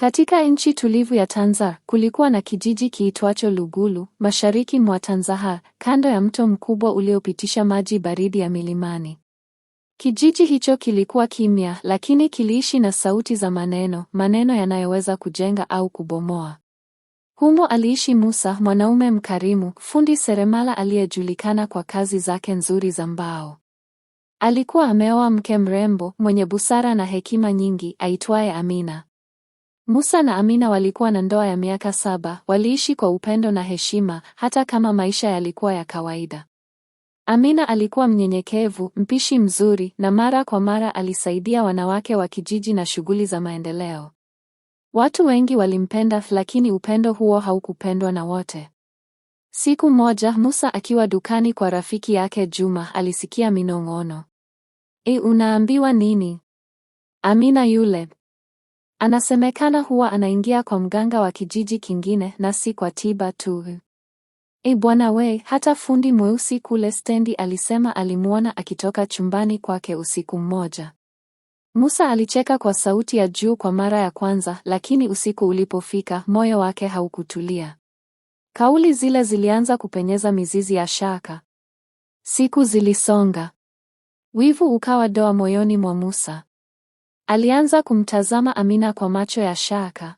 Katika nchi tulivu ya tanza kulikuwa na kijiji kiitwacho Lugulu, mashariki mwa Tanzania, kando ya mto mkubwa uliopitisha maji baridi ya milimani. Kijiji hicho kilikuwa kimya, lakini kiliishi na sauti za maneno, maneno yanayoweza kujenga au kubomoa. Humo aliishi Musa, mwanaume mkarimu, fundi seremala aliyejulikana kwa kazi zake nzuri za mbao. Alikuwa ameoa mke mrembo mwenye busara na hekima nyingi aitwaye Amina. Musa na Amina walikuwa na ndoa ya miaka saba, waliishi kwa upendo na heshima, hata kama maisha yalikuwa ya kawaida. Amina alikuwa mnyenyekevu, mpishi mzuri, na mara kwa mara alisaidia wanawake wa kijiji na shughuli za maendeleo. Watu wengi walimpenda, lakini upendo huo haukupendwa na wote. Siku moja, Musa akiwa dukani kwa rafiki yake Juma, alisikia minong'ono. E, unaambiwa nini? Amina yule Anasemekana huwa anaingia kwa mganga wa kijiji kingine na si kwa tiba tu. E bwana we, hata fundi mweusi kule stendi alisema alimwona akitoka chumbani kwake usiku mmoja. Musa alicheka kwa sauti ya juu kwa mara ya kwanza, lakini usiku ulipofika moyo wake haukutulia. Kauli zile zilianza kupenyeza mizizi ya shaka. Siku zilisonga, wivu ukawa doa moyoni mwa Musa. Alianza kumtazama Amina kwa macho ya shaka.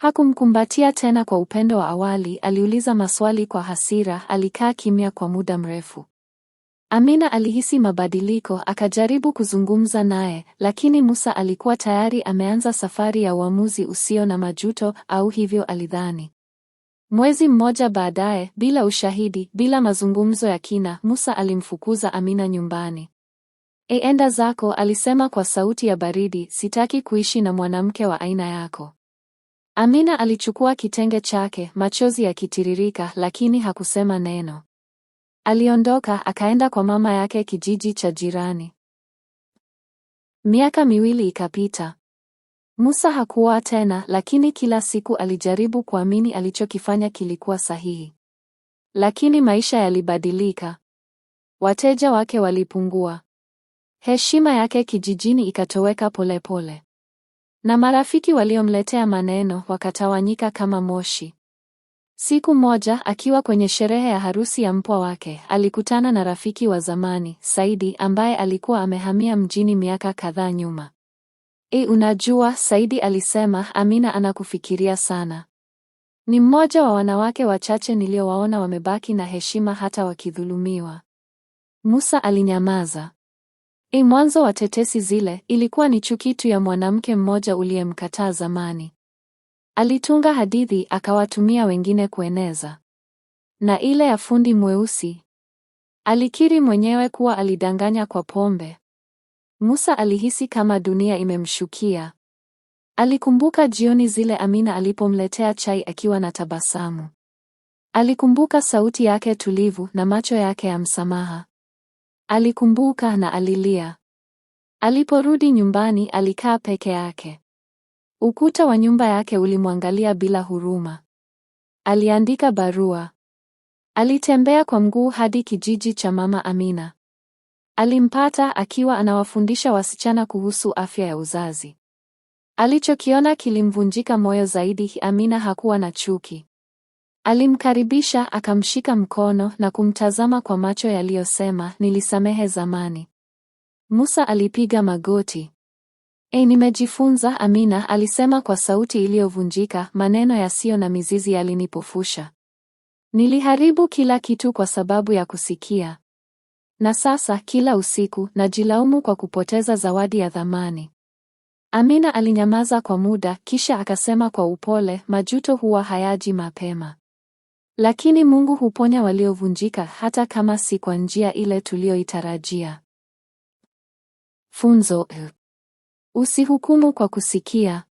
Hakumkumbatia tena kwa upendo wa awali, aliuliza maswali kwa hasira, alikaa kimya kwa muda mrefu. Amina alihisi mabadiliko, akajaribu kuzungumza naye, lakini Musa alikuwa tayari ameanza safari ya uamuzi usio na majuto, au hivyo alidhani. Mwezi mmoja baadaye, bila ushahidi, bila mazungumzo ya kina, Musa alimfukuza Amina nyumbani. Eenda zako, alisema kwa sauti ya baridi, sitaki kuishi na mwanamke wa aina yako. Amina alichukua kitenge chake, machozi yakitiririka, lakini hakusema neno. Aliondoka akaenda kwa mama yake kijiji cha jirani. Miaka miwili ikapita. Musa hakuoa tena, lakini kila siku alijaribu kuamini alichokifanya kilikuwa sahihi. Lakini maisha yalibadilika. Wateja wake walipungua. Heshima yake kijijini ikatoweka polepole pole. Na marafiki waliomletea maneno wakatawanyika kama moshi. Siku moja akiwa kwenye sherehe ya harusi ya mpwa wake, alikutana na rafiki wa zamani, Saidi ambaye alikuwa amehamia mjini miaka kadhaa nyuma. E, unajua, Saidi alisema, Amina anakufikiria sana. Ni mmoja wa wanawake wachache niliowaona wamebaki na heshima hata wakidhulumiwa. Musa alinyamaza. E, mwanzo wa tetesi zile ilikuwa ni chuki tu ya mwanamke mmoja uliyemkataa zamani. Alitunga hadithi akawatumia wengine kueneza, na ile ya fundi mweusi alikiri mwenyewe kuwa alidanganya kwa pombe. Musa alihisi kama dunia imemshukia. Alikumbuka jioni zile Amina alipomletea chai akiwa na tabasamu. Alikumbuka sauti yake tulivu na macho yake ya msamaha. Alikumbuka na alilia. Aliporudi nyumbani, alikaa peke yake. Ukuta wa nyumba yake ulimwangalia bila huruma. Aliandika barua. Alitembea kwa mguu hadi kijiji cha Mama Amina. Alimpata akiwa anawafundisha wasichana kuhusu afya ya uzazi. Alichokiona kilimvunjika moyo zaidi. Amina hakuwa na chuki. Alimkaribisha, akamshika mkono na kumtazama kwa macho yaliyosema, nilisamehe zamani. Musa alipiga magoti. E, nimejifunza, Amina alisema kwa sauti iliyovunjika, maneno yasiyo na mizizi yalinipofusha. Niliharibu kila kitu kwa sababu ya kusikia. Na sasa kila usiku najilaumu kwa kupoteza zawadi ya thamani. Amina alinyamaza kwa muda kisha akasema kwa upole, majuto huwa hayaji mapema. Lakini Mungu huponya waliovunjika hata kama si kwa njia ile tuliyoitarajia. Funzo: eh. usihukumu kwa kusikia.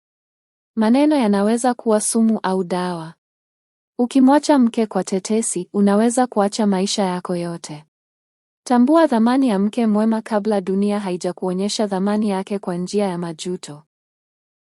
Maneno yanaweza kuwa sumu au dawa. Ukimwacha mke kwa tetesi, unaweza kuacha maisha yako yote. Tambua thamani ya mke mwema kabla dunia haijakuonyesha thamani yake kwa njia ya majuto.